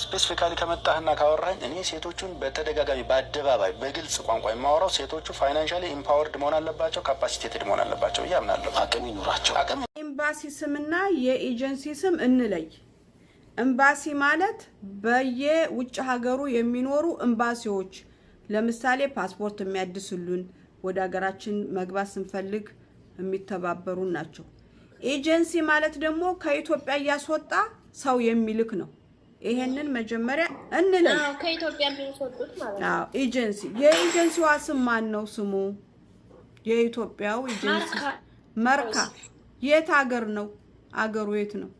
ስፔሲፊካሊ ከመጣህና ካወራኝ እኔ ሴቶቹን በተደጋጋሚ በአደባባይ በግልጽ ቋንቋ የማወራው ሴቶቹ ፋይናንሻሊ ኢምፓወርድ መሆን አለባቸው፣ ካፓሲቴትድ መሆን አለባቸው እያምናለሁ። አቅም ይኑራቸው። አቅም ኤምባሲ ስምና የኤጀንሲ ስም እንለይ። ኤምባሲ ማለት በየውጭ ሀገሩ የሚኖሩ ኤምባሲዎች፣ ለምሳሌ ፓስፖርት የሚያድስሉን ወደ ሀገራችን መግባት ስንፈልግ የሚተባበሩን ናቸው። ኤጀንሲ ማለት ደግሞ ከኢትዮጵያ እያስወጣ ሰው የሚልክ ነው። ይሄንን መጀመሪያ እንለ ከኢትዮጵያ ማለት ነው። ኤጀንሲ፣ የኤጀንሲዋ ስም ማን ነው? ስሙ የኢትዮጵያው ኤጀንሲ መርካ። የት ሀገር ነው? አገሩ የት ነው?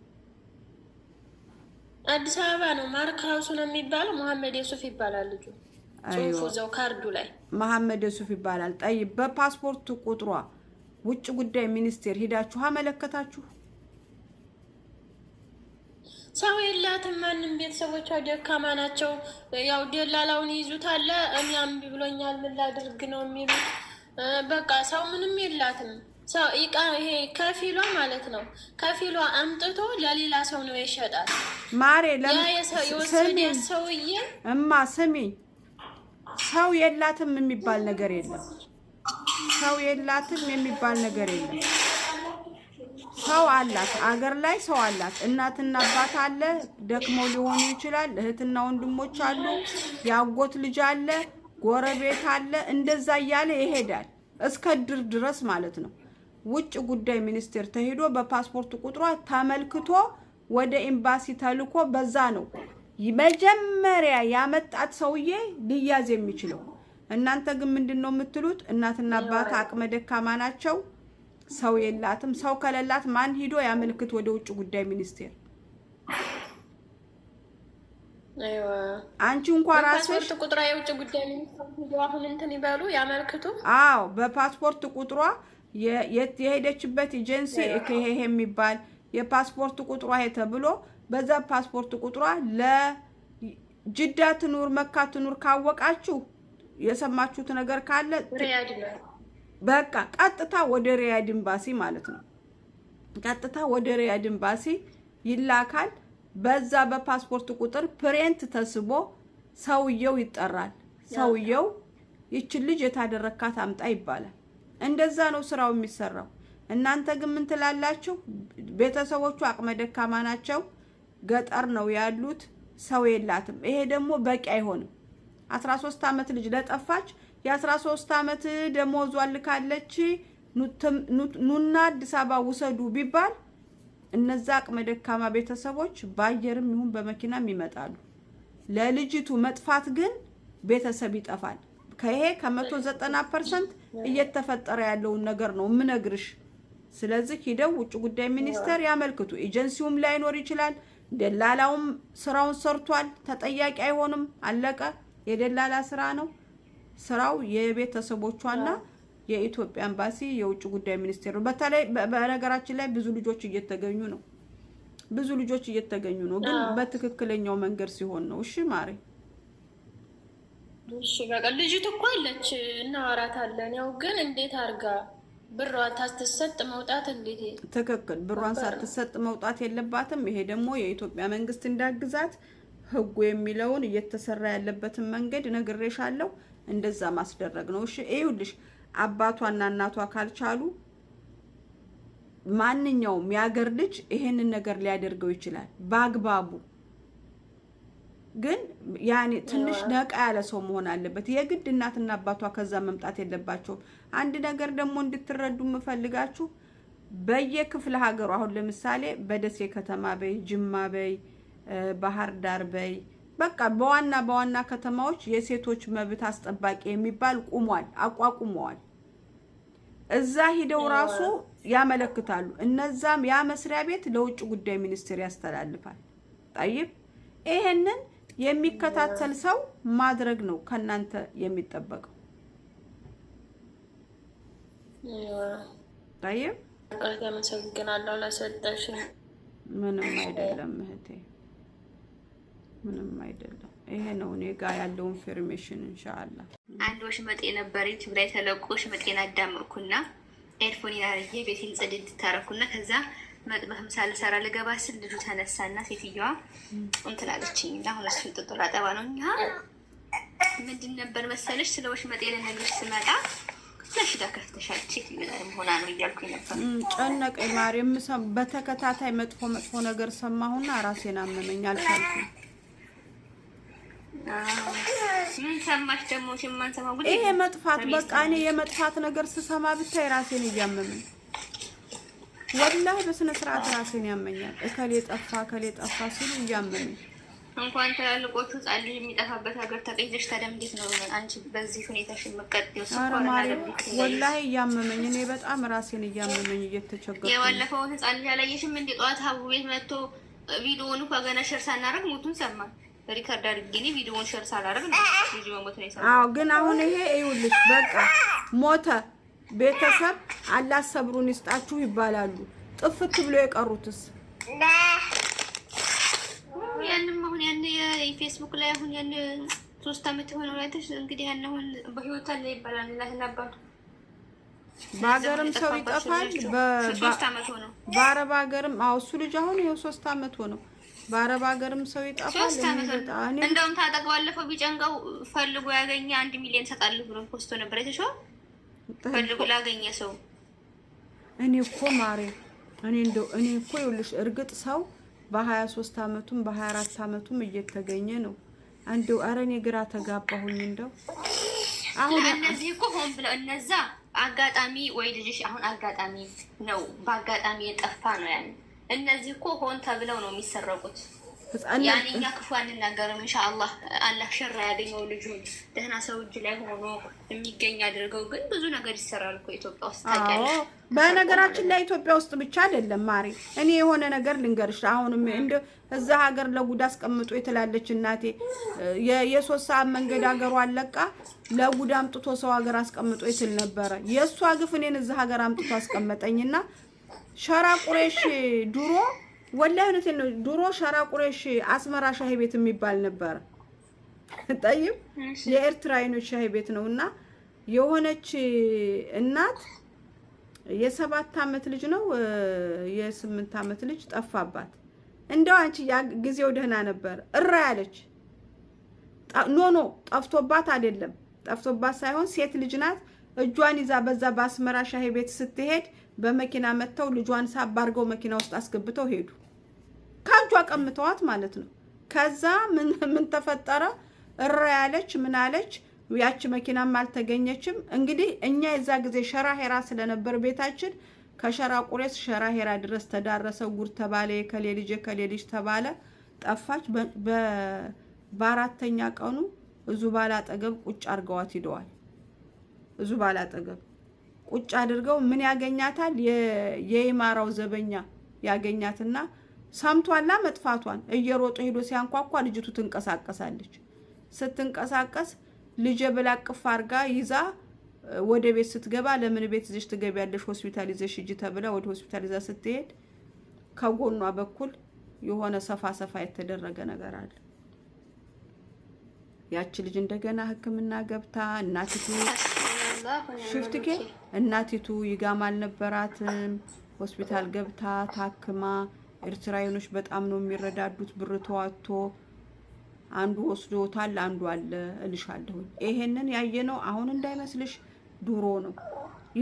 አዲስ አበባ ነው። ማርካ ሀውሱ ነው የሚባለው። መሐመድ የሱፍ ይባላል ልጁ። ጽሁፉ እዛው ካርዱ ላይ መሐመድ የሱፍ ይባላል። ጠይብ፣ በፓስፖርት ቁጥሯ ውጭ ጉዳይ ሚኒስቴር ሂዳችሁ አመለከታችሁ? ሰው የላትም። ማንም ቤተሰቦቿ ደካማ ናቸው። ያው ደላላውን ይዙታል። እኔ እምቢ ብሎኛል ምን ላድርግ ነው የሚሉት። በቃ ሰው ምንም የላትም። ሰው ይሄ ከፊሏ ማለት ነው። ከፊሏ አምጥቶ ለሌላ ሰው ነው የሸጣት። ማሬ የወሰዳት ሰውዬ እማ ስሚ፣ ሰው የላትም የሚባል ነገር የለም። ሰው የላትም የሚባል ነገር የለም። ሰው አላት፣ አገር ላይ ሰው አላት። እናትና አባት አለ፣ ደክሞ ሊሆኑ ይችላል። እህትና ወንድሞች አሉ፣ የአጎት ልጅ አለ፣ ጎረቤት አለ። እንደዛ እያለ ይሄዳል እስከ ድር ድረስ ማለት ነው። ውጭ ጉዳይ ሚኒስቴር ተሄዶ በፓስፖርት ቁጥሯ ተመልክቶ ወደ ኤምባሲ ተልኮ በዛ ነው መጀመሪያ ያመጣት ሰውዬ ሊያዝ የሚችለው። እናንተ ግን ምንድን ነው የምትሉት? እናትና አባት አቅመ ደካማ ናቸው ሰው የላትም። ሰው ከሌላት ማን ሂዶ ያመልክት ወደ ውጭ ጉዳይ ሚኒስቴር? አንቺ እንኳ ራስሽ ቁጥሯ የውጭ ጉዳይ ሚኒስቴር አሁን እንትን ይበሉ ያመልክቱ። አዎ በፓስፖርት ቁጥሯ የሄደችበት ኤጀንሲ ይሄ የሚባል የፓስፖርት ቁጥሯ ይሄ ተብሎ በዛ ፓስፖርት ቁጥሯ ለጅዳ ትኑር መካ ትኑር ካወቃችሁ የሰማችሁት ነገር ካለ በቃ ቀጥታ ወደ ሪያድ ኤምባሲ ማለት ነው። ቀጥታ ወደ ሪያድ ኤምባሲ ይላካል። በዛ በፓስፖርት ቁጥር ፕሪንት ተስቦ ሰውየው ይጠራል። ሰውየው ይች ልጅ የታደረካት አምጣ ይባላል። እንደዛ ነው ስራው የሚሰራው። እናንተ ግን ምን ትላላችሁ? ቤተሰቦቹ አቅመ ደካማ ናቸው፣ ገጠር ነው ያሉት፣ ሰው የላትም። ይሄ ደግሞ በቂ አይሆንም። አስራ ሶስት ዓመት ልጅ ለጠፋች የ13 ዓመት ደሞዟን ልካለች ኑና አዲስ አበባ ውሰዱ ቢባል እነዛ አቅመ ደካማ ቤተሰቦች በአየርም ይሁን በመኪናም ይመጣሉ። ለልጅቱ መጥፋት ግን ቤተሰብ ይጠፋል። ከይሄ ከመቶ ዘጠና ፐርሰንት እየተፈጠረ ያለውን ነገር ነው የምነግርሽ። ስለዚህ ሂደው ውጭ ጉዳይ ሚኒስቴር ያመልክቱ። ኤጀንሲውም ላይኖር ይችላል። ደላላውም ስራውን ሰርቷል፣ ተጠያቂ አይሆንም። አለቀ። የደላላ ስራ ነው። ስራው የቤተሰቦቿና የኢትዮጵያ ኤምባሲ የውጭ ጉዳይ ሚኒስቴር ነው። በተለይ በነገራችን ላይ ብዙ ልጆች እየተገኙ ነው። ብዙ ልጆች እየተገኙ ነው፣ ግን በትክክለኛው መንገድ ሲሆን ነው። እሺ ማሬ፣ እሺ በቃ ልጅቱ እኮ አለች፣ እናወራታለን። ያው ግን እንዴት አርጋ ብሯን ሳትሰጥ መውጣት እንዴት? ትክክል፣ ብሯን ሳትሰጥ መውጣት የለባትም። ይሄ ደግሞ የኢትዮጵያ መንግስት እንዳግዛት ህጉ የሚለውን እየተሰራ ያለበትን መንገድ ነግሬሻለሁ። እንደዛ ማስደረግ ነው። እሺ ይኸውልሽ አባቷና እናቷ ካልቻሉ ማንኛውም የአገር ልጅ ይሄንን ነገር ሊያደርገው ይችላል በአግባቡ ግን ያኔ ትንሽ ነቃ ያለ ሰው መሆን አለበት። የግድ እናትና አባቷ ከዛ መምጣት የለባቸውም። አንድ ነገር ደግሞ እንድትረዱ የምፈልጋችሁ በየክፍለ ሀገሩ አሁን ለምሳሌ በደሴ ከተማ በይ፣ ጅማ በይ፣ ባህር ዳር በይ በቃ በዋና በዋና ከተማዎች የሴቶች መብት አስጠባቂ የሚባል ቁሟል፣ አቋቁመዋል። እዛ ሂደው ራሱ ያመለክታሉ። እነዛም ያ መስሪያ ቤት ለውጭ ጉዳይ ሚኒስቴር ያስተላልፋል። ጠይብ ይሄንን የሚከታተል ሰው ማድረግ ነው ከእናንተ የሚጠበቀው። ጠይብ አመሰግናለሁ ለሰጠሽ። ምንም አይደለም እህቴ። ምንም አይደለም። ይሄ ነው እኔ ጋር ያለው ኢንፎርሜሽን። እንሻአላ አንድ ወሽመጤ ነበር ትግራይ ተለቆ ወሽመጤን አዳምርኩና ኤርፎን ያርዬ ቤቴን ጽድት ታረኩና ከዛ መጥበህ ምሳ ልሰራ ልገባ ስል ልጁ ተነሳና ሴትዮዋ እንትን አለችኝ እና አሁን እሱን ጥጡር አጠባ ነው እኛ ምንድን ነበር መሰለች ስለ ወሽመጤ ልነግርሽ ስመጣ ለሽዳ ከፍተሻል ቼክ ጨነቀኝ ማርያም። በተከታታይ መጥፎ መጥፎ ነገር ሰማሁና ራሴን አመመኝ አልቻልኩም። ይሄ መጥፋት በቃ እኔ የመጥፋት ነገር ስሰማ ብታይ ራሴን እያመመኝ ወላሂ በስነ ስርዓት ራሴን ያመኛል። እከሌ ጠፋ እከሌ ጠፋ ሲሉ እያመመኝ እንኳን ትላልቆቹ ህጻን ልጅ የሚጠፋበት ሀገር ተቀይዘሽ ታዲያ ነው አንቺ በዚህ ሁኔታሽ የምትቀጥይው? ወላሂ እያመመኝ እኔ በጣም ራሴን እያመመኝ እየተቸገርኩ የባለፈውን ህጻን ልጅ አላየሽም? እንደ ጠዋት ሀቡ ቤት መጥቶ ቪዲዮውን እኮ ገና ሸር ሳናደርግ ሞቱን ሰማን። ሪከርድ አድርጌ እኔ ቪዲዮውን ሳላደርግ ልጅ መሞት ነው የሰማሁት። አዎ ግን አሁን ይሄ ይኸውልሽ በቃ ሞተ። ቤተሰብ አላህ ሰብሩን ይስጣችሁ ይባላሉ። ጥፍት ብሎ የቀሩትስ ያንም አሁን ያን የፌስቡክ ላይ አሁን ያን ሶስት አመት የሆነው ላይ እንግዲህ ያን አሁን በህይወት አለ ይባላል። በሀገርም ሰው ይጠፋል። በሶስት አመት ሆነው በአረብ ሀገርም አዎ እሱ ልጅ አሁን ይኸው ሶስት አመት ሆነው በአረብ ሀገርም ሰው ይጠፋል። እንደውም ታጠቅ ባለፈው ቢጨንቀው ፈልጎ ያገኘ አንድ ሚሊዮን ሰጣለሁ ብሎ ፖስቶ ነበር። የተሸው ፈልጎ ላገኘ ሰው እኔ እኮ ማሬ እኔ እንደው እኔ እኮ ይኸውልሽ፣ እርግጥ ሰው በ23 አመቱም በ24 አመቱም እየተገኘ ነው። እንደው ኧረ እኔ ግራ ተጋባሁኝ። እንደው አሁን እነዚህ እኮ ሆን ብለው እነዛ አጋጣሚ ወይ ልጅሽ አሁን አጋጣሚ ነው፣ በአጋጣሚ የጠፋ ነው ያን እነዚህ እኮ ሆን ተብለው ነው የሚሰረቁት። ያን እኛ ክፉ አንናገርም። እንሻአላህ አላህ ሸራ ያገኘው ልጁን ደህና ሰው እጅ ላይ ሆኖ የሚገኝ አድርገው። ግን ብዙ ነገር ይሰራል እኮ ኢትዮጵያ ውስጥ ታውቂያለሽ። በነገራችን ላይ ኢትዮጵያ ውስጥ ብቻ አይደለም ማሬ። እኔ የሆነ ነገር ልንገርሽ። አሁንም እንደ እዛ ሀገር ለጉድ አስቀምጦ የተላለች እናቴ የሶስት ሰዓት መንገድ ሀገሩ አለቃ ለጉድ አምጥቶ ሰው ሀገር አስቀምጦ የትል ነበረ። የእሷ ግፍ እኔን እዛ ሀገር አምጥቶ አስቀመጠኝና ሸራ ቁሬሽ ድሮ ወላሂ እውነቴን ነው። ድሮ ሸራ ቁሬሽ አስመራ ሻሂ ቤት የሚባል ጠይም የኤርትራ የኤርትራዊኖች ሻሂ ቤት ነው እና የሆነች እናት የሰባት አመት ልጅ ነው የስምንት አመት ልጅ ጠፋባት። እንደው አንቺ ያ ጊዜው ደህና ነበር እራ ያለች ኖ ኖ ጠፍቶባት አይደለም ጠፍቶባት ሳይሆን ሴት ልጅ ናት። እጇን ይዛ በዛ በአስመራ ሻሄ ቤት ስትሄድ በመኪና መጥተው ልጇን ሳብ አድርገው መኪና ውስጥ አስገብተው ሄዱ። ከእጇ ቀምተዋት ማለት ነው። ከዛ ምን ተፈጠረ? እረ ያለች ምን አለች? ያቺ መኪናም አልተገኘችም። እንግዲህ እኛ የዛ ጊዜ ሸራ ሄራ ስለነበር ቤታችን ከሸራ ቁሬስ ሸራ ሄራ ድረስ ተዳረሰ። ጉር ተባለ። የከሌ ልጅ የከሌ ልጅ ተባለ። ጠፋች። በአራተኛ ቀኑ እዙ ባላ አጠገብ ቁጭ አድርገዋት ሂደዋል። ዙባል አጠገብ ቁጭ አድርገው ምን ያገኛታል? የይማራው ዘበኛ ያገኛትና ሰምቷላ መጥፋቷን እየሮጠ ሄዶ ሲያንኳኳ ልጅቱ ትንቀሳቀሳለች። ስትንቀሳቀስ ልጄ ብላ ቅፍ አርጋ ይዛ ወደ ቤት ስትገባ ለምን ቤት ይዘሽ ትገቢያለሽ? ሆስፒታል ይዘሽ ሂጂ ተብላ ወደ ሆስፒታል ይዛ ስትሄድ ከጎኗ በኩል የሆነ ሰፋ ሰፋ የተደረገ ነገር አለ። ያቺ ልጅ እንደገና ሕክምና ገብታ እናትቱ ሽፍትኬ እናቲቱ ይጋም አልነበራትም። ሆስፒታል ገብታ ታክማ፣ ኤርትራውያኖች በጣም ነው የሚረዳዱት። ብር ተዋጥቶ አንዱ ወስዶታል፣ አንዱ አለ እልሻለሁ። ይሄንን ያየነው አሁን እንዳይመስልሽ ድሮ ነው።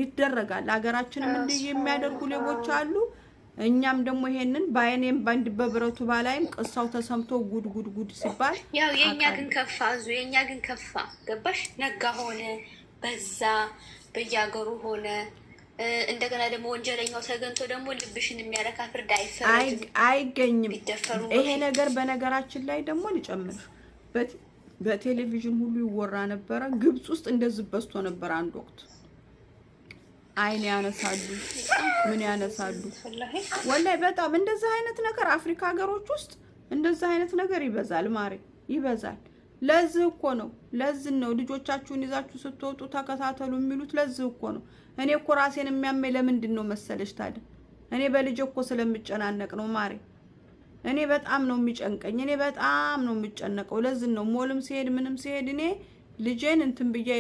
ይደረጋል። ሀገራችንም እንዲህ የሚያደርጉ ሌቦች አሉ። እኛም ደግሞ ይሄንን በአይኔም በአንድ በብረቱ ባላይም ቅሳው ተሰምቶ ጉድ ጉድ ጉድ ሲባል ያው የእኛ ግን ከፋ የእኛ ግን ከፋ ገባሽ ነጋ ሆነ በዛ በየሀገሩ ሆነ። እንደገና ደግሞ ወንጀለኛው ተገንቶ ደግሞ ልብሽን የሚያረካ ፍርድ አይገኝም። ይሄ ነገር በነገራችን ላይ ደግሞ ልጨምር፣ በቴሌቪዥን ሁሉ ይወራ ነበረ። ግብጽ ውስጥ እንደዚህ በዝቶ ነበር አንድ ወቅት። አይን ያነሳሉ፣ ምን ያነሳሉ። ወላይ በጣም እንደዚህ አይነት ነገር አፍሪካ ሀገሮች ውስጥ እንደዚህ አይነት ነገር ይበዛል፣ ማሬ ይበዛል። ለዚህ እኮ ነው ለዚህ ነው ልጆቻችሁን ይዛችሁ ስትወጡ ተከታተሉ የሚሉት ለዚህ እኮ ነው። እኔ እኮ ራሴን የሚያመኝ ለምንድን ነው መሰለች ታዲያ እኔ በልጅ እኮ ስለምጨናነቅ ነው ማሬ። እኔ በጣም ነው የሚጨንቀኝ፣ እኔ በጣም ነው የምጨነቀው። ለዚህ ነው ሞልም ሲሄድ ምንም ሲሄድ እኔ ልጄን እንትን ብዬ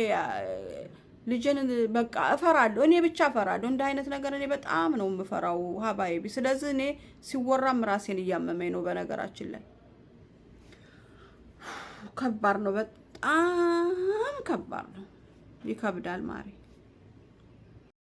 ልጄን በቃ እፈራለሁ። እኔ ብቻ እፈራለሁ። እንደ አይነት ነገር እኔ በጣም ነው የምፈራው ሀባይቢ። ስለዚህ እኔ ሲወራም ራሴን እያመመኝ ነው በነገራችን ላይ ከባድ ነው፣ በጣም ከባድ ነው። ይከብዳል ማሪ